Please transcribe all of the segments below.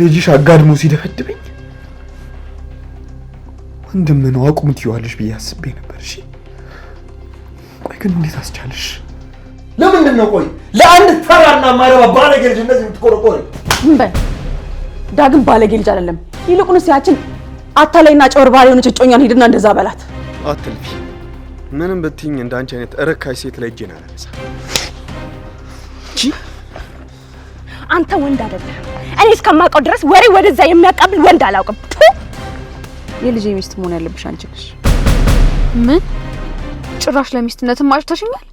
ልጅሽ አጋድሞ ሲደፈድበኝ ወንድም ነው አቁም ትይዋለሽ ብዬ አስቤ ነበር። እሺ ቆይ ግን እንዴት አስቻለሽ? ለምንድን ነው ቆይ ለአንድ ተራና ማይረባ ባለጌ ልጅ እንደዚህ የምትቆረቆሪ? እንበል ዳግም ባለጌ ልጅ አይደለም። ይልቁንስ ያችን አታላይና ጨወርባሪ የሆነች እጮኛን ሂድና እንደዛ በላት። አትልፊ። ምንም ብትይኝ እንደ አይነት እረካሽ ሴት ላይ እጄን አላነሳም። አንተ ወንድ አይደለም። እኔ እስከማውቀው ድረስ ወሬ ወደዛ የሚያቀብል ወንድ አላውቅም። የልጄ ሚስት መሆን ያለብሽ አንቺ ነሽ። ምን ጭራሽ ለሚስትነትም አጭተሽኛል።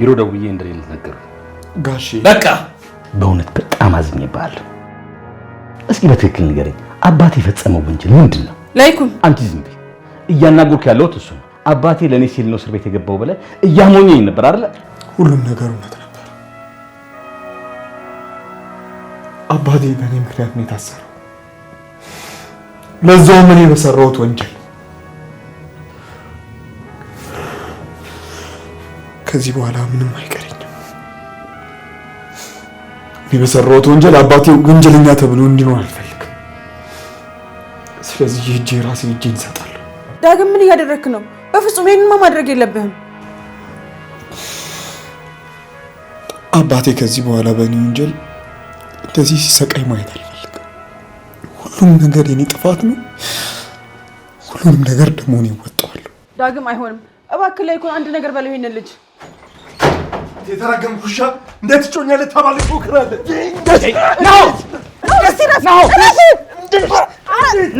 ቢሮ ደውዬ እንደሌለ ነገር ጋሼ፣ በቃ በእውነት በጣም አዝኜብሃለሁ። እስኪ በትክክል ንገረኝ አባቴ የፈጸመው ወንጀል ምንድን ነው? ላይኩን አንቺ ዝም በይ። እያናገርኩ ያለሁት እሱ ነው። አባቴ ለእኔ ሲል ነው እስር ቤት የገባው ብለህ እያሞኘኝ ነበር አይደለ? ሁሉም ነገር እውነት ነበር። አባቴ በእኔ ምክንያት ነው የታሰረው፣ ለዛውም እኔ በሰራሁት ወንጀል። ከዚህ በኋላ ምንም አይቀረኝም። እኔ በሰራሁት ወንጀል አባቴ ወንጀለኛ ተብሎ እንዲኖር አልፈልግም። ስለዚህ እጄ ራሴ እጄ እንሰጣለሁ። ዳግም ምን እያደረክ ነው? በፍጹም ይህንማ ማድረግ የለብህም። አባቴ ከዚህ በኋላ በእኔ ወንጀል እንደዚህ ሲሰቃይ ማየት አልፈልግም። ሁሉም ነገር የኔ ጥፋት ነው። ሁሉም ነገር ደግሞ እኔ እወጣዋለሁ። ዳግም አይሆንም፣ እባክህ ላይ ይኮን አንድ ነገር በለው። ይሄንን ልጅ የተራገም ኩሻ እንዴት ጮኛለ ተባለ ጮክራለ ቆይ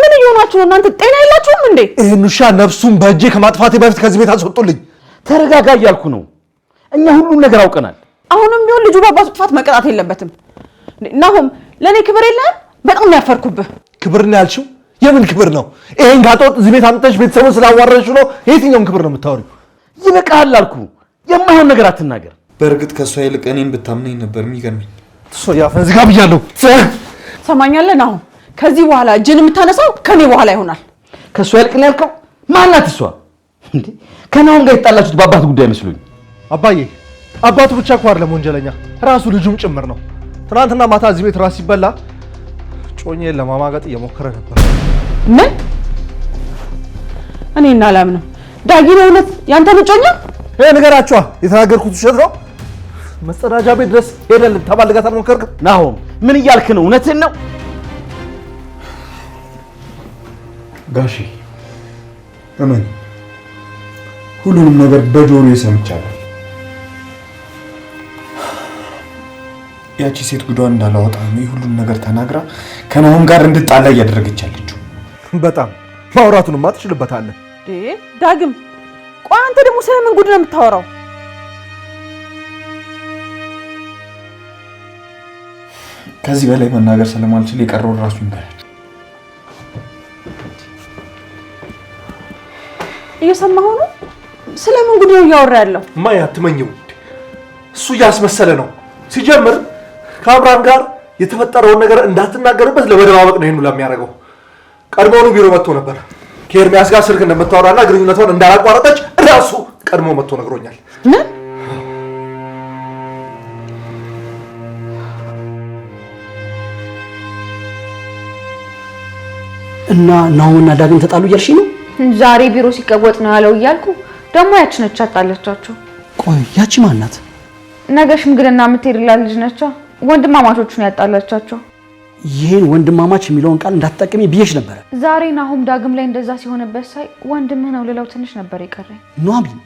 ምን እየሆናችሁ ነው እናንተ? ጤና የላችሁም እንዴ? ይህን ውሻ ነፍሱን በእጄ ከማጥፋቴ በፊት ከዚህ ቤት አስወጡልኝ። ተረጋጋ እያልኩ ነው። እኛ ሁሉም ነገር አውቀናል። አሁንም ቢሆን ልጁ በአባቱ ጥፋት መቀጣት የለበትም። ናሁም፣ ለእኔ ክብር የለህም። በጣም ነው ያፈርኩብህ። ክብር ነው ያልሽው? የምን ክብር ነው? ይሄን ጋጠወጥ እዚህ ቤት አምጥተሽ ቤተሰቡን ስላዋረሽ ነው። የትኛውን ክብር ነው የምታወሪው? ይበቃሃል አልኩ። የማይሆን ነገር አትናገር። በእርግጥ ከእሷ ይልቅ እኔን ብታምነኝ ነበር የሚገርመኝ። እሷ ያፈን ዝጋ ብያለሁ። ሰማኛለን። አሁን ከዚህ በኋላ እጅን የምታነሳው ከኔ በኋላ ይሆናል። ከእሷ ይልቅ ነው ያልከው? ማናት እሷ? ከናሁን ጋር የተጣላችሁት በአባት ጉዳይ መስሉኝ። አባዬ አባቱ ብቻ እኮ አይደለም ወንጀለኛ፣ ራሱ ልጁም ጭምር ነው። ትናንትና ማታ እዚህ ቤት ራስ ሲበላ ጮኜን ለማማገጥ እየሞከረ ነበር። ምን? እኔ እና አላምንም። ዳጊ ነው እውነት ያንተ ይሄ የተናገርኩት ውሸት ነው። መጸዳጃ ቤት ድረስ ናሆም ምን እያልክ ነው? እውነትን ነው ጋሺ። እመን፣ ሁሉንም ነገር በጆሮ ሰምቻለሁ። ያቺ ሴት ጉዷን እንዳላወጣ ነው ነገር ተናግራ ከናሆም ጋር እንድጣላ እያደረገቻለች። በጣም ማውራቱንማ ትችልበታለህ። ዳግም ቆይ፣ አንተ ደግሞ ስለምን ጉድ ነው የምታወራው? ከዚህ በላይ መናገር ስለማልችል የቀረውን ራሱ ይንገራል። እየሰማሁ ነው። ስለምን ጉድ ነው እያወራ ያለው? ማያ አትመኝም። እሱ እያስመሰለ ነው። ሲጀምር ከአብርሃም ጋር የተፈጠረውን ነገር እንዳትናገርበት ለመደባበቅ ነው ይሄን ሁላ የሚያደርገው። ቀድሞውኑ ቢሮ መጥቶ ነበር። ከኤርሚያስ ጋር ስልክ እንደምታወራና ግንኙነቷን እንዳላቋረጠች ራሱ ቀድሞ መጥቶ ነግሮኛል። እና ናሆምና ዳግም ተጣሉ እያልሽ ነው? ዛሬ ቢሮ ሲቀወጥ ነው ያለው እያልኩ ደግሞ ያች ነች አጣለቻቸው። ቆይ ያቺ ማናት? ነገ ሽምግልና የምትሄድላት ልጅ ነቻ። ወንድማማቾቹን ያጣላቻቸው ይህን ወንድማማች የሚለውን ቃል እንዳትጠቀሚ ብዬሽ ነበረ። ዛሬ ናሁም ዳግም ላይ እንደዛ ሲሆንበት ሳይ ወንድምህ ነው ልለው ትንሽ ነበር የቀረኝ። ኑሐሚን፣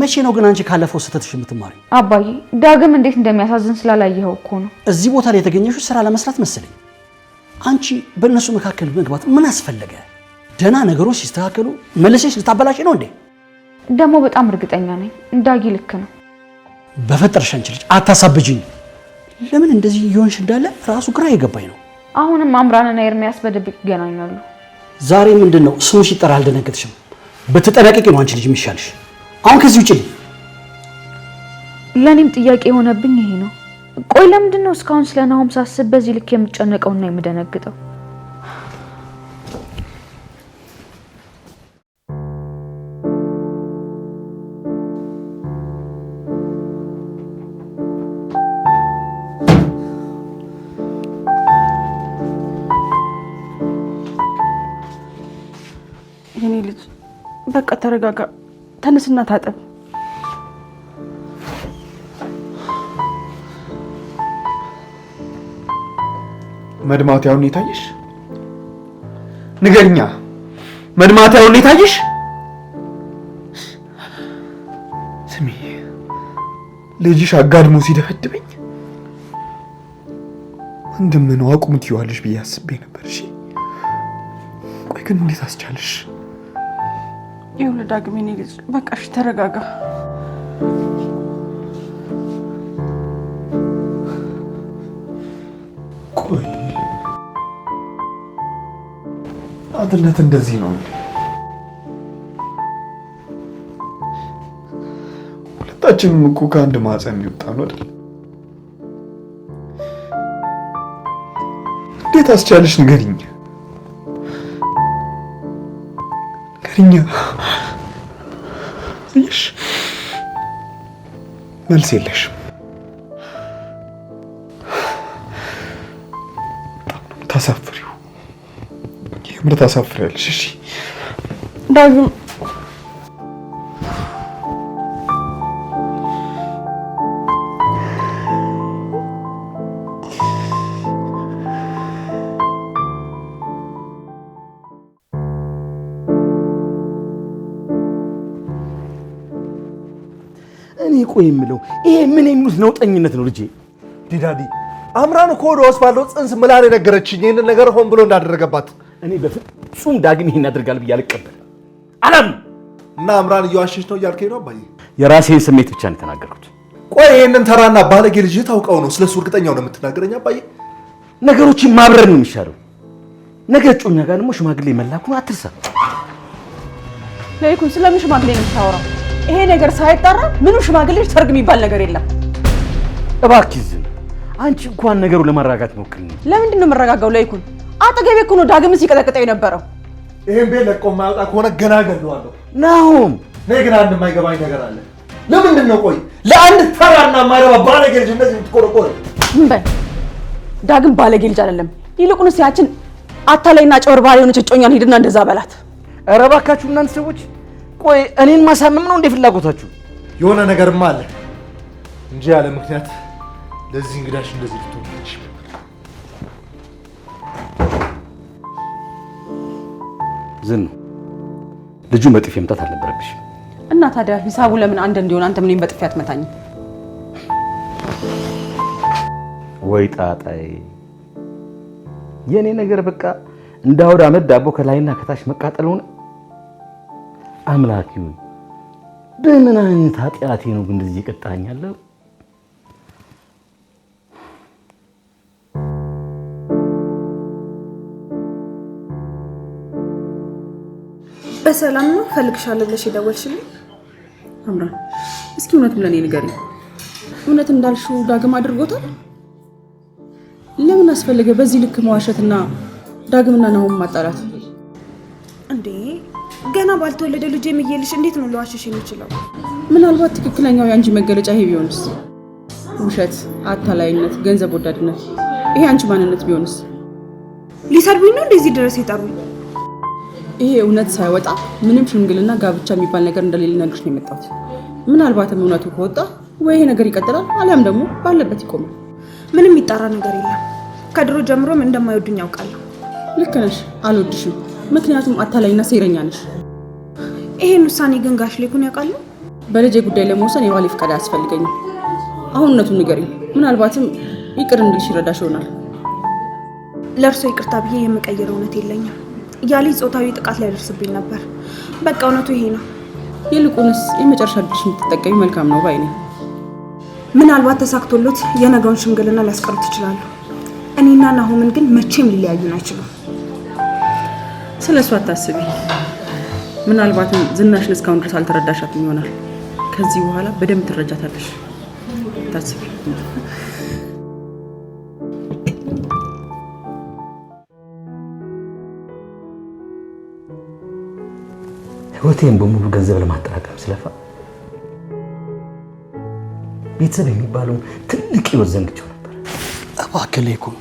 መቼ ነው ግን አንቺ ካለፈው ስህተትሽ የምትማሪ? አባዬ፣ ዳግም እንዴት እንደሚያሳዝን ስላላየኸው እኮ ነው። እዚህ ቦታ ላይ የተገኘሽው ስራ ለመስራት መሰለኝ። አንቺ በእነሱ መካከል መግባት ምን አስፈለገ? ደህና ነገሮች ሲስተካከሉ መልሰሽ ልታበላሽ ነው እንዴ? ደግሞ በጣም እርግጠኛ ነኝ እንዳጊ ልክ ነው። በፈጠረሽ አንቺ ልጅ አታሳብጅኝ። ለምን እንደዚህ እየሆንሽ እንዳለ ራሱ ግራ የገባኝ ነው። አሁንም አምራንና ኤርሚያስ በደብቅ ይገናኛሉ። ዛሬ ምንድን ነው ስሙ ሲጠራ አልደነገጥሽም? በተጠናቀቂ ነው አንቺ ልጅ የሚሻልሽ። አሁን ከዚህ ውጭ ለእኔም ጥያቄ የሆነብኝ ይሄ ነው። ቆይ ለምንድን ነው እስካሁን ስለ ናሆም ሳስብ በዚህ ልክ የምጨነቀውና የምደነግጠው? በቃ ተረጋጋ፣ ተነስና ታጠብ። መድማት ያውን የታየሽ ንገርኛ። መድማት የታየሽ ስሚ፣ ልጅሽ አጋድሞ ሲደፈድበኝ ወንድም ነው አቁም ትይዋለሽ ብዬ አስቤ ነበር። እሺ፣ ቆይ ግን እንዴት አስቻለሽ? ይኸውልህ ዳግም እኔ ልጅ በቃ እሺ ተረጋጋ። ቆይ እንደዚህ ነው። ሁለታችንም እኮ ከአንድ ማህፀን የሚወጣ ነው አይደል? እንዴት አስቻለሽ ንገሪኝ። እኛ እሽ መልስ የለሽም። ታሳፍሪው የምር ታሳፍሪያለሽ። እሺ ዳግም የምለው ይሄ ምን የሚሉት ነውጠኝነት ነው? ልጄ ዲዳዲ አምራን እኮ ወደ ሆስፒታል ጽንስ ምላን የነገረችኝ ይህንን ነገር ሆን ብሎ እንዳደረገባት። እኔ በፍጹም ዳግም ይህን ያደርጋል ብዬ አልቀበል አላም እና አምራን እየዋሸች ነው እያልከኝ ነው አባዬ? የራሴን ስሜት ብቻ ነው የተናገርኩት። ቆይ ይህንን ተራና ባለጌ ልጅ ታውቀው ነው ስለሱ እርግጠኛው ነው የምትናገረኝ? አባዬ ነገሮችን ማብረር ነው የሚሻለው። ነገ እጮኛ ጋር ደግሞ ሽማግሌ መላኩን አትርሳ። ለይኩን ስለምን ሽማግሌ ነው የምታወራው? ይሄ ነገር ሳይጣራ ምንም ሽማግሌዎች ሰርግ የሚባል ነገር የለም። እባክህ ዝም አንቺ እንኳን ነገሩ ለማረጋጋት ሞክሪ። ለምንድን ነው የምረጋጋው? ለይኩን አጠገቤ እኮ ነው ዳግም ሲቀጠቅጠው የነበረው። ይሄን ቤት ለቆ የማያወጣ ከሆነ ገና ገለዋለሁ። ናሁም ነይ። ግን አንድ የማይገባኝ ነገር አለ። ለምንድን ነው ቆይ ለአንድ ተራና የማይረባ ባለጌ ልጅ እንደዚህ የምትቆረቆር? እንበል ዳግም ባለጌ ልጅ አይደለም። ይልቁንስ ያችን አታላይና ጨወር ባል የሆነች እጮኛን ሂድና እንደዛ በላት። ኧረ እባካችሁ እናንተ ሰዎች ቆይ እኔን ማሳመም ነው እንደ ፍላጎታችሁ? የሆነ ነገርማ አለ እንጂ ያለ ምክንያት ለዚህ እንግዳሽ እንደዚህ ልትሆነች ዝኑ ልጁ በጥፊ መምታት አልነበረብሽ። እና ታዲያ ሂሳቡ ለምን አንድ እንዲሆን አንተ ምንም በጥፊ አትመታኝ? ወይ ጣጣዬ የእኔ ነገር በቃ እንደ አውድ ዳቦ ከላይና ከታች መቃጠል ሆነ። አምላክ ይሁን በምን አይነት ኃጢአቴ ነው ግን እንደዚህ ይቀጣኛለሁ? በሰላም ነው ፈልግሻለሁ ብለሽ የደወልሽልኝ? አምራን፣ እስኪ እውነቱን ለእኔ ንገሪ። እውነት እንዳልሽው ዳግም አድርጎታል? ለምን አስፈለገ በዚህ ልክ መዋሸትና ዳግምና ናሆም ማጣላት? ገና ባልተወለደ ልጅ የምየልሽ እንዴት ነው ለዋሸሽ የሚችለው? ምናልባት ትክክለኛው የአንቺ መገለጫ ይሄ ቢሆንስ? ውሸት፣ አታላይነት፣ ገንዘብ ወዳድነት፣ ይሄ አንቺ ማንነት ቢሆንስ? ሊሰርቢኝ ነው እንደዚህ ድረስ የጠሩ ይሄ እውነት ሳይወጣ ምንም ሽምግልና፣ ጋብቻ የሚባል ነገር እንደሌለ ነግርሽ ነው የመጣሁት። ምናልባትም እውነቱ ከወጣ ወይ ይሄ ነገር ይቀጥላል፣ አሊያም ደግሞ ባለበት ይቆማል። ምንም ይጣራ ነገር የለም። ከድሮ ጀምሮም እንደማይወዱኝ ያውቃለሁ። ልክ ነሽ፣ አልወድሽም። ምክንያቱም አታላይና ሴረኛ ነሽ። ይሄን ውሳኔ ግን ጋሽ ሌኩን ያውቃሉ? በልጄ ጉዳይ ለመወሰን የባሌ ፍቃድ አያስፈልገኝም። አሁን እውነቱን ንገሪኝ። ምናልባትም ይቅር እንዲልሽ ይረዳሽ ይሆናል። ለእርሶ ይቅርታ ብዬ የምቀይር እውነት የለኝም። ያ ልጅ ጾታዊ ጥቃት ሊያደርስብኝ ነበር። በቃ እውነቱ ይሄ ነው። ይልቁንስ የመጨረሻ ድርሽ የምትጠቀሚ መልካም ነው ባይ ነኝ። ምናልባት ተሳክቶሎት የነገውን ሽምግልና ሊያስቀሩት ይችላሉ። እኔና ናሆምን ግን መቼም ሊለያዩን አይችሉም። ስለ እሱ አታስቢ። ምናልባትም ዝናሽን እስካሁን ድረስ አልተረዳሻትም ይሆናል። ከዚህ በኋላ በደንብ ትረጃታለሽ። ታስቢ። ህይወቴን በሙሉ ገንዘብ ለማጠራቀም ስለፋ ቤተሰብ የሚባለውን ትልቅ ህይወት ዘንግቼው ነበር። እባክህ ሌኩም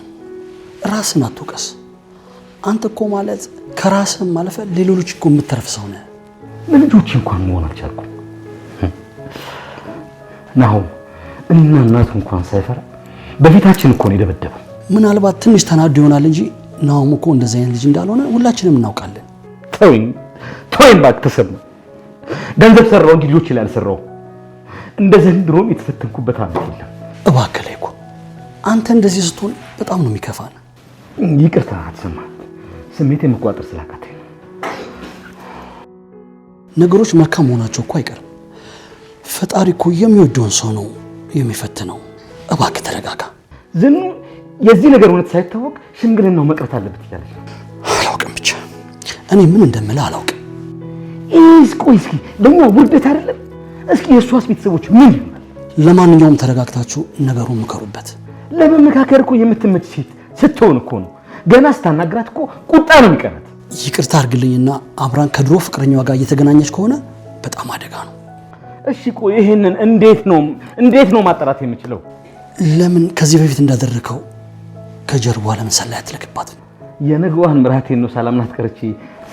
ራስን አትውቀስ። አንተ እኮ ማለት ከራስህም ማለፈ ለሌሎች እኮ የምትረፍ ሰው ነህ። ለልጆች እንኳን መሆን አልቻልኩም። ናሁም እኔና እናቱ እንኳን ሳይፈራ በፊታችን እኮ ነው የደበደበው። ምናልባት ትንሽ ተናዶ ይሆናል እንጂ ናሁም እኮ እንደዚህ አይነት ልጅ እንዳልሆነ ሁላችንም እናውቃለን። ተወኝ ተወኝ እባክህ ተሰማ። ገንዘብ ሰራው እንጂ ልጆች ላይ አልሰራው። እንደ ዘንድሮም የተፈተንኩበት አመት የለም። እባክህ ላይ አንተ እንደዚህ ስትሆን በጣም ነው የሚከፋን። ይቅርታ ተሰማ ስሜት የመቋጠር ስላቃተኝ ነገሮች መልካም መሆናቸው እኮ አይቀርም። ፈጣሪ እኮ የሚወደውን ሰው ነው የሚፈትነው። እባክ ተረጋጋ። ዝኑ የዚህ ነገር እውነት ሳይታወቅ ሽምግልናው መቅረት አለበት ይላለች። አላውቅም፣ ብቻ እኔ ምን እንደምለ አላውቅም። ይህ ቆይ እስኪ ደግሞ ውርደት አይደለም። እስኪ የእሷስ ቤተሰቦች ምን ለማንኛውም ተረጋግታችሁ ነገሩን ምከሩበት። ለመመካከር እኮ የምትመች ሴት ስትሆን እኮ ነው ገና ስታናግራት እኮ ቁጣ ነው የሚቀረት። ይቅርታ አርግልኝና አምራን ከድሮ ፍቅረኛዋ ጋር እየተገናኘች ከሆነ በጣም አደጋ ነው። እሺ ቆይ ይህንን እንዴት ነው እንዴት ነው ማጣራት የምችለው? ለምን ከዚህ በፊት እንዳደረከው ከጀርባ ለምን ሰላይ አትልክባት? የነገዋን ምራቴን ነው ሰላምናት ቀርቼ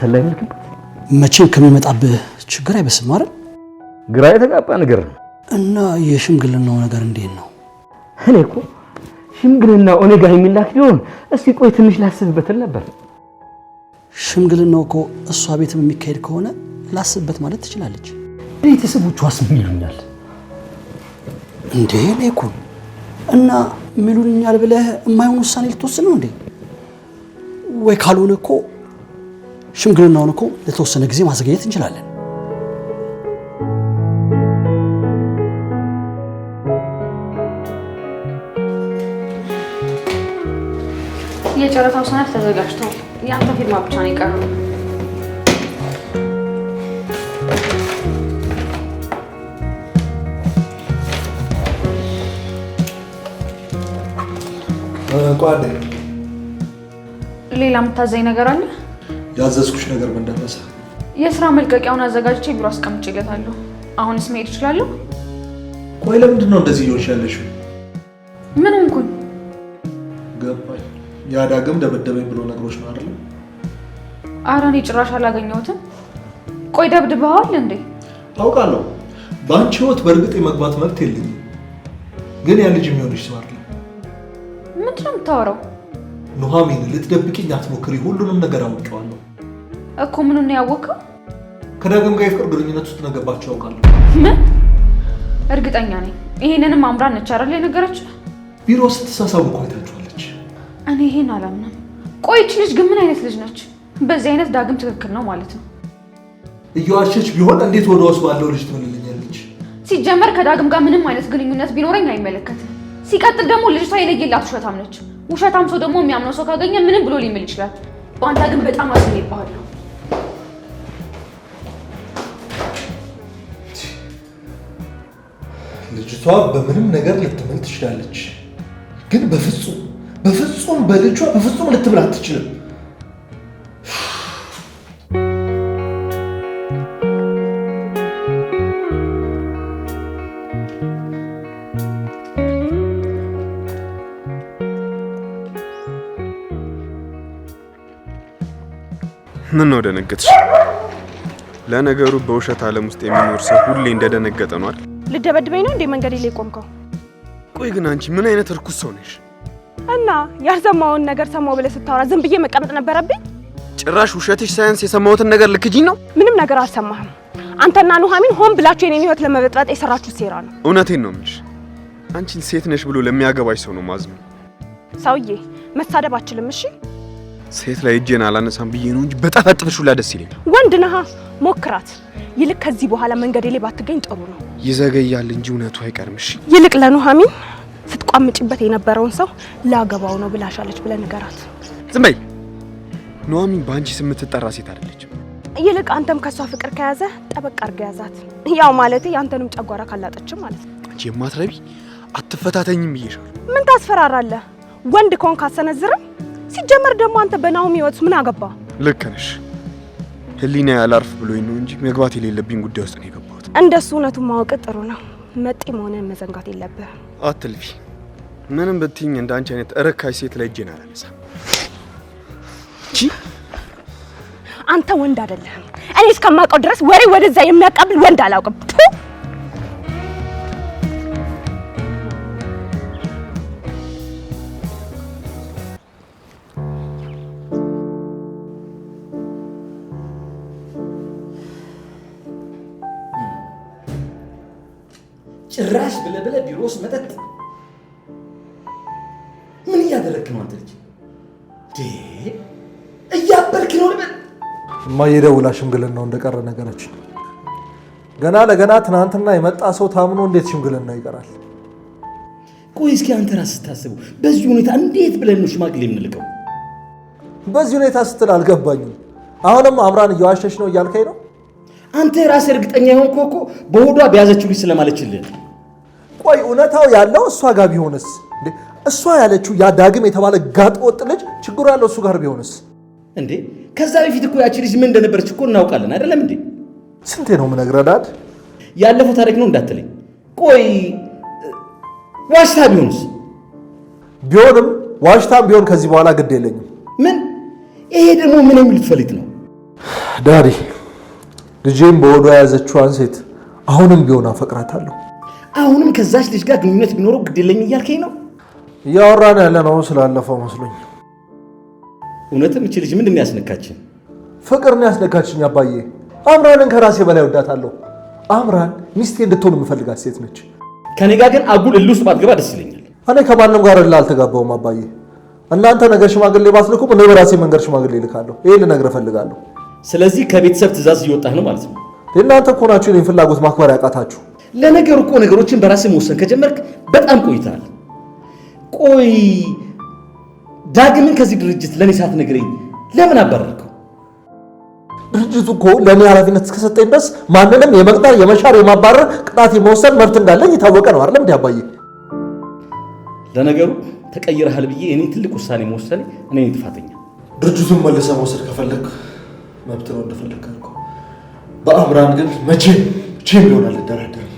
ሰላይ ልክባት? መቼም ከሚመጣብህ ችግር አይበስም አይደል? ግራ የተጋባ ነገር ነው። እና የሽምግልናው ነገር እንዴት ነው? እኔ እኮ ሽምግልና እኔ ጋር የሚላክ ቢሆን እስቲ ቆይ ትንሽ ላስብበትን ነበር። ሽምግልናው እኮ እሷ ቤትም የሚካሄድ ከሆነ ላስብበት ማለት ትችላለች። ቤተሰቦቿስ ምን ይሉኛል እንዴ? ሌኩን እና ምን ብለህ የማይሆን ውሳኔ ልትወስን ነው እንዴ? ወይ ካልሆነ እኮ ሽምግልናውን እኮ ለተወሰነ ጊዜ ማዘገየት እንችላለን። የጨረታው ሰነድ ተዘጋጅቶ የአንተ ፊርማ ብቻ ነው የቀረው። ጓደኝ፣ ሌላ የምታዘኝ ነገር አለ? ያዘዝኩሽ ነገር ምንድን ነው? የስራ መልቀቂያውን አዘጋጅቼ ቢሮ አስቀምጬለታለሁ። አሁንስ መሄድ እችላለሁ? ቆይ፣ ለምንድን ነው እንደዚህ እየሆንሽ ያለሽው? ያ ዳግም ደበደበኝ ብሎ ነገሮች ነው አይደል? ኧረ እኔ ጭራሽ አላገኘሁትም። ቆይ ደብድበዋል እንዴ? አውቃለሁ። በአንቺ ህይወት በእርግጥ የመግባት መብት የለኝም፣ ግን ያ ልጅ የሚሆንሽ ሰው አይደለም። ምንድን ነው የምታወራው? ኑሐሚን ልትደብቂኝ አትሞክሪ። ሁሉንም ነገር አውቀዋለሁ እኮ። ምኑን ነው ያወቅኸው? ከዳግም ጋር የፍቅር ግንኙነት ውስጥ ነገባቸው አውቃለሁ። ምን? እርግጠኛ ነኝ። ይሄንንም አምራን ነች አይደል ቢሮ ስትሳሳቡ እኮ እኔ ይሄን አላምንም። ቆይች ልጅ ግን ምን አይነት ልጅ ነች? በዚህ አይነት ዳግም ትክክል ነው ማለት ነው። እየዋሸች ቢሆን እንዴት ወደ ውስጥ ባለው ልጅ ትሆንልኛለች? ሲጀመር ከዳግም ጋር ምንም አይነት ግንኙነት ቢኖረኝ አይመለከትም። ሲቀጥል ደግሞ ልጅቷ የለየላት ውሸታም ነች። ውሸታም ሰው ደግሞ የሚያምነው ሰው ካገኘ ምንም ብሎ ሊምል ይችላል። በአንተ ግን በጣም አስ ይባሃል ልጅቷ በምንም ነገር ልትምል ትችላለች፣ ግን በፍጹም በፍጹም በልጇ በፍጹም ልትብል አትችልም። ምን ነው ደነገጥሽ? ለነገሩ በውሸት ዓለም ውስጥ የሚኖር ሰው ሁሌ እንደደነገጠ ነው አይደል? ልደበድበኝ ነው እንዴ መንገዴ ላይ ቆምከው? ቆይ ግን አንቺ ምን አይነት እርኩስ ሰው ነሽ? እና ያልሰማውን ነገር ሰማው ብለህ ስታወራ ዝም ብዬ መቀመጥ ነበረብኝ? ጭራሽ ውሸትሽ ሳይንስ የሰማሁትን ነገር ልክጂኝ ነው። ምንም ነገር አልሰማህም። አንተና ኑሐሚን ሆን ብላችሁ የኔን ህይወት ለመበጥበጥ የሰራችሁ ሴራ ነው። እውነቴን ነው የምልሽ። አንቺን ሴት ነሽ ብሎ ለሚያገባሽ ሰው ነው ማዝም። ሰውዬ መሳደብ አችልም። እሺ ሴት ላይ እጄን አላነሳም ብዬ ነው እንጂ በጣም አጥፍሹላ ደስ ይለኝ። ወንድ ነሃ፣ ሞክራት። ይልቅ ከዚህ በኋላ መንገዴ ላይ ባትገኝ ጥሩ ነው። ይዘገያል እንጂ እውነቱ አይቀርምሽ። ይልቅ ለኑሐሚን ስታቋምጭበት የነበረውን ሰው ላገባው ነው ብላሻለች ብለህ ንገራት። ዝም በይ ኑሐሚን በአንቺ ስም የምትጠራ ሴት አይደለች። ይልቅ አንተም ከእሷ ፍቅር ከያዘ ጠበቅ አድርገህ ያዛት። ያው ማለት የአንተንም ጨጓራ ካላጠችም ማለት ነው። አንቺ የማትረቢ አትፈታተኝም ብዬሻል። ምን ታስፈራራለህ? ወንድ ከሆን ካሰነዝርም። ሲጀመር ደግሞ አንተ በናሆም ህይወት ምን አገባ? ልክ ነሽ። ህሊና ያላርፍ ብሎኝ ነው እንጂ መግባት የሌለብኝ ጉዳይ ውስጥ ነው የገባሁት። እንደሱ እውነቱን ማወቅ ጥሩ ነው። መጤ መሆንን መዘንጋት የለብህ። አትልፊ ምንም ብትኝ እንዳንቺ አይነት እረካሽ ሴት ላይ እጄን አላነሳም። አንተ ወንድ አይደለህም። እኔ እስከማውቀው ድረስ ወሬ ወደዛ የሚያቀብል ወንድ አላውቅም። ጭራሽ ብለህ ብለህ ቢሮ ውስጥ መጠጥ እማዬ ሽምግልናው ሽምግልና ነው እንደቀረ ነገረችን። ገና ለገና ትናንትና የመጣ ሰው ታምኖ እንዴት ሽምግልና ይቀራል? ቆይ እስኪ አንተ ራስህ ስታስቡ በዚህ ሁኔታ እንዴት ብለን ነው ሽማግሌ የምንልቀው? በዚህ ሁኔታ ስትል አልገባኝም። አሁንም አምራን እየዋሸች ነው እያልከኝ ነው? አንተ ራስህ እርግጠኛ የሆንክ እኮ በሆዷ በያዘችው ልጅ ስለማለችልህ። ቆይ እውነታው ያለው እሷ ጋር ቢሆንስ? እሷ ያለችው ያ ዳግም የተባለ ጋጥ ወጥ ልጅ ችግሩ ያለው እሱ ጋር ቢሆንስ? እንዴ ከዛ በፊት እኮ ያቺ ልጅ ምን እንደነበረች እኮ እናውቃለን አይደለም እንዴ? ስንቴ ነው የምነግረህ ዳድ? ያለፈው ታሪክ ነው እንዳትለኝ። ቆይ ዋሽታ ቢሆንስ? ቢሆንም ዋሽታም ቢሆን ከዚህ በኋላ ግድ የለኝም። ምን ይሄ ደግሞ ምን የሚሉት ፈሊጥ ነው ዳዲ? ልጄም በወዷ የያዘችዋን ሴት አሁንም ቢሆን አፈቅራታለሁ። አሁንም ከዛች ልጅ ጋር ግንኙነት ቢኖረው ግድ የለኝ እያልከኝ ነው? እያወራን ያለ ነው ስላለፈው መስሎኝ እውነትም እቺ ልጅ ምንድን ያስነካችን? ፍቅር ነው ያስነካችኝ አባዬ። አምራንን ከራሴ በላይ ወዳታለሁ። አምራን ሚስቴ እንድትሆን የምፈልጋት ሴት ነች። ከኔ ጋር ግን አጉል እልህ ውስጥ ባትገባ ደስ ይለኛል። እኔ ከማንም ጋር እልህ አልተጋባውም አባዬ። እናንተ ነገር ሽማግሌ ባትልኩም እኔ በራሴ መንገድ ሽማግሌ እልካለሁ። ይሄን ልነግርህ እፈልጋለሁ። ስለዚህ ከቤተሰብ ትእዛዝ እየወጣህ ነው ማለት ነው። እናንተ እኮ ናችሁ ፍላጎት ማክበር ያቃታችሁ። ለነገሩ እኮ ነገሮችን በራሴ መወሰን ከጀመርክ በጣም ቆይተሃል። ቆይ ዳግምን ከዚህ ድርጅት ለእኔ ሳትነግረኝ ለምን አባረርከው? ድርጅቱ እኮ ለእኔ ኃላፊነት እስከሰጠኝ ድረስ ማንንም የመቅጠር የመሻር የማባረር ቅጣት የመወሰን መብት እንዳለኝ የታወቀ ነው አይደለም እንዲ ለነገሩ ተቀይረሃል ብዬ እኔ ትልቅ ውሳኔ መወሰኔ እኔ ጥፋተኛ። ድርጅቱን መልሰ መውሰድ ከፈለግ መብት ነው እንደፈለግ በአምራን ግን መቼም መቼም ሊሆን አልደራደርም።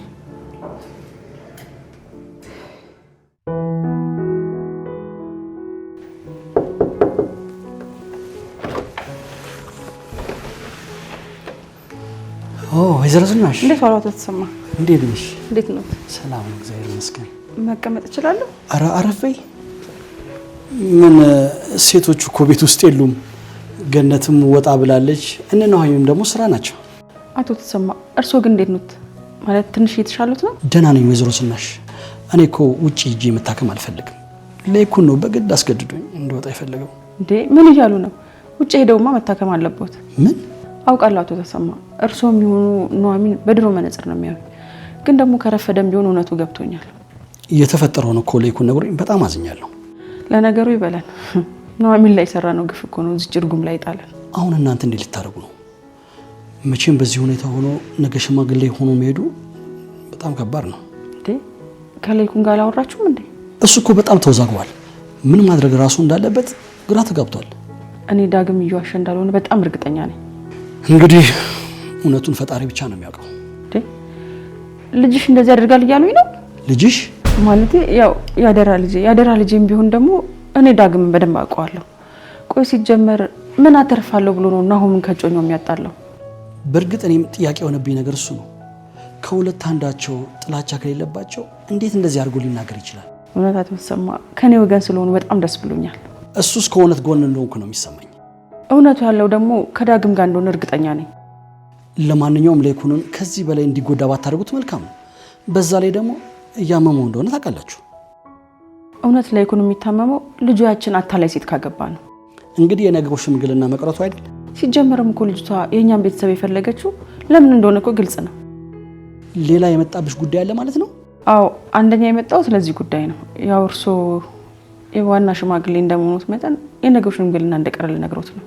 ወይዘሮ ዝናሽ እንዴት ዋላ ተሰማ? እንዴት ነሽ? እንዴት ነው? ሰላም እግዚአብሔር ይመስገን። መቀመጥ እችላለሁ? አረ አረፍ በይ። ምን ሴቶች እኮ ቤት ውስጥ የሉም። ገነትም ወጣ ብላለች። እንናሆኝም ደግሞ ስራ ናቸው። አቶ ተሰማ እርስዎ ግን እንዴት ኖት? ማለት ትንሽ እየተሻሉት ነው? ደህና ነኝ ወይዘሮ ዝናሽ። እኔ እኮ ውጭ ሂጄ መታከም አልፈልግም። ለይኩን ነው በግድ አስገድዶኝ እንደወጣ የፈለገው። እንዴ ምን እያሉ ነው? ውጭ ሄደውማ መታከም አለቦት። ምን አውቃለሁ አቶ ተሰማ እርስዎ የሚሆኑ ኑሐሚን በድሮ መነጽር ነው የሚያዩኝ። ግን ደግሞ ከረፈደም ቢሆን እውነቱ ገብቶኛል። የተፈጠረውን እኮ ለይኩን ነግሮኝ በጣም አዝኛለሁ። ለነገሩ ይበላል። ኑሐሚን ላይ የሰራ ነው ግፍ እኮ ነው እዚህ ጭርጉም ላይ ጣለን። አሁን እናንተ እንዴት ልታደርጉ ነው? መቼም በዚህ ሁኔታ ሆኖ ነገ ሽማግሌ ሆኖ መሄዱ በጣም ከባድ ነው። ከለይኩን ጋር አላወራችሁም እንዴ? እሱ እኮ በጣም ተወዛግቧል። ምን ማድረግ ራሱ እንዳለበት ግራ ተጋብቷል። እኔ ዳግም እየዋሸ እንዳልሆነ በጣም እርግጠኛ ነኝ። እንግዲህ እውነቱን ፈጣሪ ብቻ ነው የሚያውቀው። ልጅሽ እንደዚህ ያደርጋል እያሉኝ ነው። ልጅሽ ማለት ያው ያደራ ልጄ ያደራ ልጄም ቢሆን ደግሞ እኔ ዳግም በደንብ አውቀዋለሁ። ቆይ ሲጀመር ምን አተርፋለሁ ብሎ ነው ናሆምን ከጮኛው የሚያጣለው? በእርግጥ እኔም ጥያቄ የሆነብኝ ነገር እሱ ነው። ከሁለት አንዳቸው ጥላቻ ከሌለባቸው እንዴት እንደዚህ አድርጎ ሊናገር ይችላል? እውነት አትመሰማ ከእኔ ወገን ስለሆኑ በጣም ደስ ብሎኛል። እሱስ ከእውነት ጎን እንደሆንኩ ነው የሚሰማኝ። እውነቱ ያለው ደግሞ ከዳግም ጋር እንደሆነ እርግጠኛ ነኝ። ለማንኛውም ለኢኮኖሚ ከዚህ በላይ እንዲጎዳ ባታደርጉት መልካም ነው። በዛ ላይ ደግሞ እያመመው እንደሆነ ታውቃላችሁ። እውነት ለኢኮኖሚ የሚታመመው ልጁ ያችን አታላይ ሴት ካገባ ነው። እንግዲህ የነገሩ ሽምግልና መቅረቱ አይደል? ሲጀመርም እኮ ልጅቷ የእኛን ቤተሰብ የፈለገችው ለምን እንደሆነ እኮ ግልጽ ነው። ሌላ የመጣብሽ ጉዳይ አለ ማለት ነው? አዎ፣ አንደኛ የመጣው ስለዚህ ጉዳይ ነው። ያው እርስዎ የዋና ሽማግሌ እንደመሆኑት መጠን የነገሩ ሽምግልና እንደቀረ ልነግሮት ነው።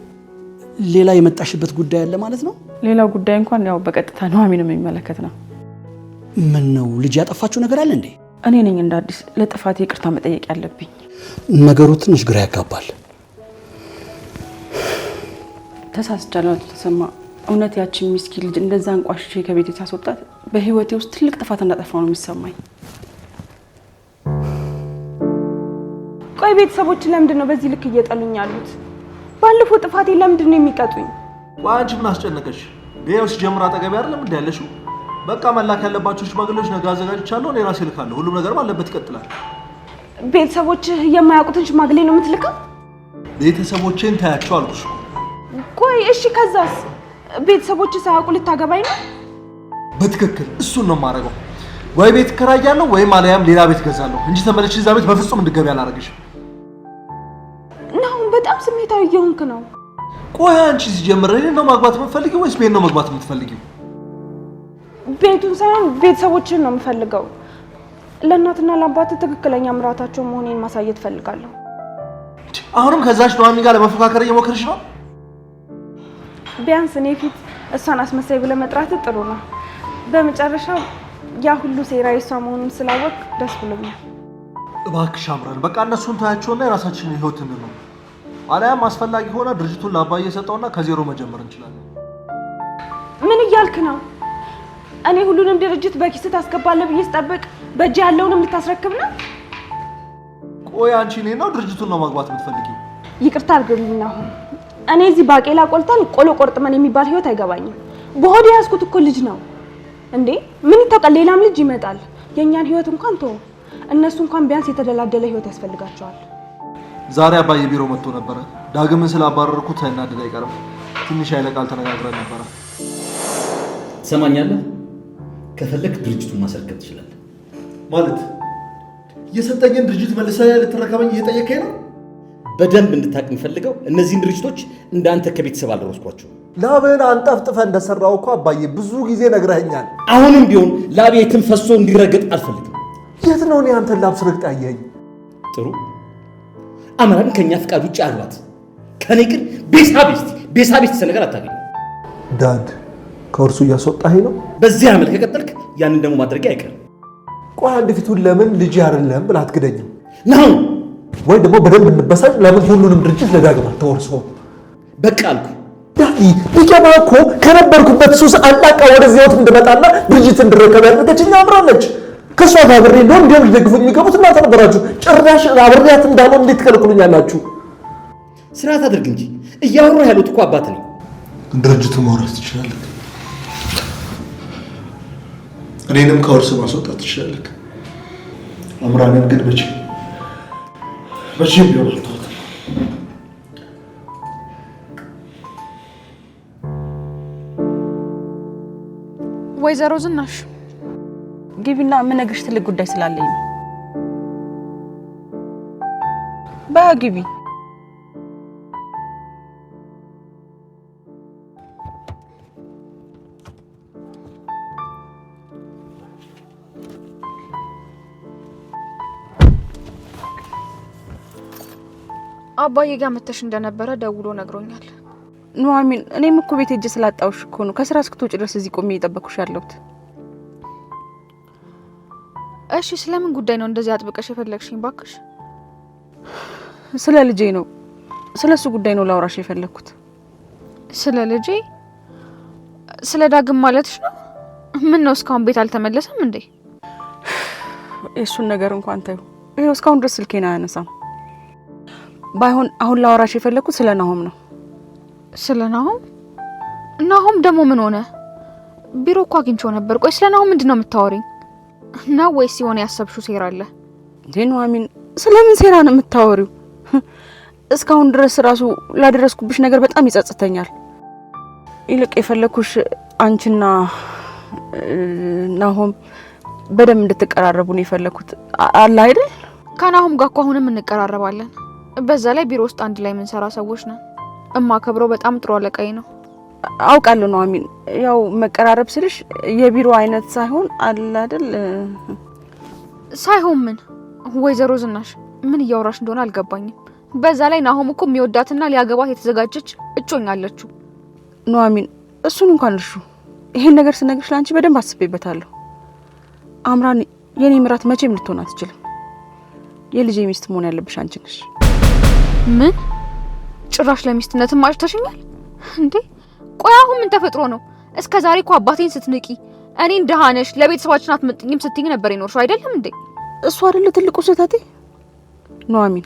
ሌላ የመጣሽበት ጉዳይ አለ ማለት ነው? ሌላው ጉዳይ እንኳን ያው በቀጥታ ኑሐሚንን የሚመለከት ነው። ምን ነው ልጅ ያጠፋችው ነገር አለ እንዴ? እኔ ነኝ እንደ አዲስ ለጥፋት ይቅርታ መጠየቅ ያለብኝ። ነገሩ ትንሽ ግራ ያጋባል። ተሳስቻለሁ አቶ ተሰማ። እውነት ያችን ሚስኪ ልጅ እንደዛ እንቋሽሽ ከቤት ሳስወጣት በህይወቴ ውስጥ ትልቅ ጥፋት እንዳጠፋው ነው የሚሰማኝ። ቆይ ቤተሰቦችን ለምንድን ነው በዚህ ልክ እየጠሉኝ ያሉት? ባለፈው ጥፋቴ ለምንድን ነው የሚቀጡኝ? አንቺ ምን አስጨነቀሽ? ይኸው ሲጀምር አጠገቢ አይደለም እንደ ያለሽው። በቃ መላክ ያለባቸው ሽማግሌዎች ነገ አዘጋጅቻለሁ፣ እኔ ራሴ እልካለሁ። ሁሉም ነገር ባለበት ይቀጥላል። ቤተሰቦች የማያውቁትን ሽማግሌ ነው የምትልከው? ቤተሰቦቼን ታያቸው አልኩሽ። ቆይ እሺ፣ ከዛስ? ቤተሰቦችህ ሳያውቁ ልታገባኝ ነው? በትክክል እሱን ነው የማደርገው። ወይ ቤት እከራያለሁ ወይም አልያም ሌላ ቤት እገዛለሁ እንጂ ተመለሽ እዛ ቤት በፍጹም እንድትገቢ አላደርግሽም። ስሜታዊ እየሆንክ ነው። ቆይ አንቺ ሲጀምር እኔን ነው ማግባት የምትፈልጊው ወይስ ቤት ነው መግባት የምትፈልጊው? ቤቱን ሳይሆን ቤተሰቦችን ነው የምፈልገው። ለእናትና ለአባት ትክክለኛ ምራታቸው መሆኔን ማሳየት ፈልጋለሁ። አሁንም ከዛች ኑሐሚን ጋር ለመፎካከር እየሞከርሽ ነው? ቢያንስ እኔ ፊት እሷን አስመሳይ ብለህ መጥራት ጥሩ ነው። በመጨረሻ ያ ሁሉ ሴራ የእሷ መሆኑን ስላወቅ ደስ ብሎኛል። እባክሽ አምራን፣ በቃ እነሱን ታያቸውና የራሳችንን ህይወት እንኖር። አለያም አስፈላጊ ሆነ ድርጅቱን ለአባዬ እየሰጠውና ከዜሮ መጀመር እንችላለን። ምን እያልክ ነው? እኔ ሁሉንም ድርጅት በኪስ ታስገባለህ ብዬ ስጠብቅ በእጅ ያለውንም ልታስረክብ ነው? ቆይ አንቺ እኔ ነው ድርጅቱን ነው ማግባት የምትፈልጊው? ይቅርታ አድርግልኝ። አሁን እኔ እዚህ ባቄላ ቆልተን ቆሎ ቆርጥመን የሚባል ህይወት አይገባኝም። በሆድ የያዝኩት እኮ ልጅ ነው እንዴ። ምን ይታውቃል? ሌላም ልጅ ይመጣል። የእኛን ህይወት እንኳን ተወው። እነሱ እንኳን ቢያንስ የተደላደለ ህይወት ያስፈልጋቸዋል። ዛሬ አባዬ ቢሮ መጥቶ ነበረ። ዳግምን ስላባረርኩት ሳይናደድ አይቀርም። ትንሽ ኃይለ ቃል ተነጋግረን ነበረ። ትሰማኛለህ? ከፈለግ ድርጅቱን ማስረከብ ትችላለህ። ማለት የሰጠኝን ድርጅት መልሰህ ልትረከበኝ እየጠየቀኝ ነው? በደንብ እንድታቅ የሚፈልገው እነዚህን ድርጅቶች እንዳንተ ከቤተሰብ አልደረስኳቸው። ላብህን አንጠፍጥፈ እንደሰራው እኮ አባዬ ብዙ ጊዜ ነግረኸኛል። አሁንም ቢሆን ላቤ የትም ፈሶ እንዲረገጥ አልፈልግም። የት ነው እኔ አንተን ላብ ስረግጥ ያየኸኝ? ጥሩ አማራን ከእኛ ፍቃድ ውጭ አሏት። ከኔ ግን ቤሳቤስት ቤሳቤስት ነገር አታገኝ። ዳድ ከእርሱ እያስወጣኸኝ ነው። በዚህ አመል ከቀጠልክ ያንን ደግሞ ማድረጊያ አይቀርም። ቆይ አንድ ፊቱን ለምን ልጅ ያርለም ብላ አትክደኝም ነው ወይ? ደግሞ በደንብ እንበሳጭ። ለምን ሁሉንም ድርጅት ለዳግም አልተወርሰው? በቃ አልኩ። ዳዲ ይገባ እኮ ከነበርኩበት ሱስ አላቃ ወደዚህ ህይወት እንድመጣና ድርጅት እንድረከብ ያደረገችኝ አምራለች። ከእሷ ጋር አብሬ እንደውም ደም ሊደግፉኝ የሚገቡት እናንተ ነበራችሁ። ጭራሽ አብሬያት እንዳልሆን እንዴት ትከለክሉኛላችሁ? ስርዓት አድርግ እንጂ እያወራ ያሉት እኮ አባት ነው። ድርጅቱ ማውራት ትችላለህ፣ እኔንም ከወርስ ማስወጣት ትችላለህ። አምራንን ግን መቼ መቼም ቢሆን ወይዘሮ ዝናሽ ግቢና የምነግርሽ ትልቅ ጉዳይ ስላለኝ ነው። በግቢ አባዬ ጋር መተሽ እንደነበረ ደውሎ ነግሮኛል። ኑሐሚን፣ እኔም እኮ ቤት ሄጄ ስላጣውሽ እኮ ነው ከስራ እስክትወጪ ድረስ እዚህ ቆሜ እየጠበኩሽ ያለሁት። እሺ፣ ስለምን ጉዳይ ነው እንደዚህ አጥብቀሽ የፈለግሽኝ? ባክሽ ስለ ልጄ ነው። ስለ እሱ ጉዳይ ነው ላውራሽ የፈለግኩት። ስለ ልጄ? ስለ ዳግም ማለትሽ ነው? ምን ነው እስካሁን ቤት አልተመለሰም እንዴ? የእሱን ነገር እንኳን ታዩ። ይኸው እስካሁን ድረስ ስልኬን አያነሳም። ባይሆን አሁን ላውራሽ የፈለግኩት ስለ ናሆም ነው። ስለ ናሆም? ናሆም ደግሞ ምን ሆነ? ቢሮ እኮ አግኝቼው ነበር። ቆይ ስለ ናሆም ምንድን ነው የምታወሪኝ? እና ወይስ ሲሆን ያሰብሹ ሴራ አለ እንዴ? ኑሐሚን ስለምን ሴራ ነው የምታወሪው? እስካሁን ድረስ ራሱ ላደረስኩብሽ ነገር በጣም ይጸጽተኛል። ይልቅ የፈለኩሽ አንቺና ናሆም በደንብ እንድትቀራረቡ ነው የፈለኩት። አለ አይደል? ከናሆም ጋር እኮ አሁንም እንቀራረባለን። በዛ ላይ ቢሮ ውስጥ አንድ ላይ የምንሰራ ሰዎች ነን። እማከብረው በጣም ጥሩ አለቃዬ ነው። አውቃለሁ ነው አሚን። ያው መቀራረብ ስልሽ የቢሮ አይነት ሳይሆን አለ አይደል? ሳይሆን ምን? ወይዘሮ ዝናሽ ምን እያወራሽ እንደሆነ አልገባኝም። በዛ ላይ ናሆም እኮ የሚወዳትና ሊያገባት የተዘጋጀች እጮኛ አለችው። ኑሐሚን እሱን እንኳን እርሹ። ይሄን ነገር ስነግርሽ ላንቺ በደንብ አስቤበታለሁ። አምራን የኔ ምራት መቼም ልትሆን አትችልም። የልጄ ሚስት መሆን ያለብሽ አንቺ ነሽ። ምን ጭራሽ ለሚስትነትም አጭተሽኛል እንዴ? ቆይ አሁን ምን ተፈጥሮ ነው? እስከ ዛሬ እኮ አባቴን ስትንቂ እኔን ደሃ ነሽ ለቤተሰባችን አትመጥኝም ስትኝ ነበር የኖርሽው አይደለም እንዴ? እሱ አይደለ ትልቁ ስህተቴ። ኑሐሚን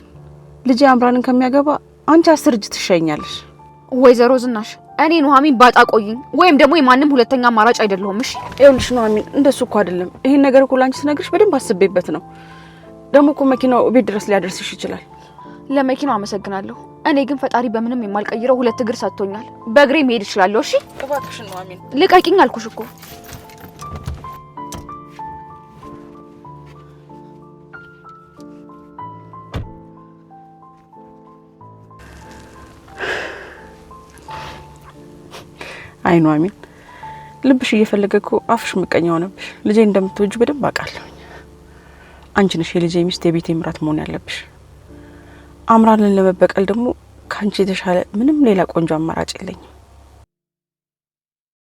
ልጄ አምራንን ከሚያገባ አንቺ አስር እጅ ትሻይኛለሽ። ወይዘሮ ዝናሽ እኔ ኑሐሚን ባጣ ቆይኝ ወይም ደግሞ የማንም ሁለተኛ አማራጭ አይደለሁም። እሺ ይኸውልሽ ኑሐሚን እንደሱ እኮ አይደለም። ይሄን ነገር እኮ ላንቺ ስነግርሽ በደንብ አስቤበት ነው። ደግሞ እኮ መኪናው ቤት ድረስ ሊያደርስሽ ይችላል። ለመኪናው አመሰግናለሁ። እኔ ግን ፈጣሪ በምንም የማልቀይረው ሁለት እግር ሰጥቶኛል። በእግሬ መሄድ እችላለሁ። እሺ እባክሽን ነው አሚን፣ ልቀቂኝ አልኩሽ እኮ። አይ አሚን፣ ልብሽ እየፈለገ እኮ አፍሽ ምቀኛ ሆነብሽ። ልጄ እንደምትወጅ በደንብ አውቃለሁ። አንቺ ነሽ የልጄ ሚስት፣ የቤቴ ምራት መሆን ያለብሽ። አምራንን ለመበቀል ደግሞ ከአንቺ የተሻለ ምንም ሌላ ቆንጆ አማራጭ የለኝም።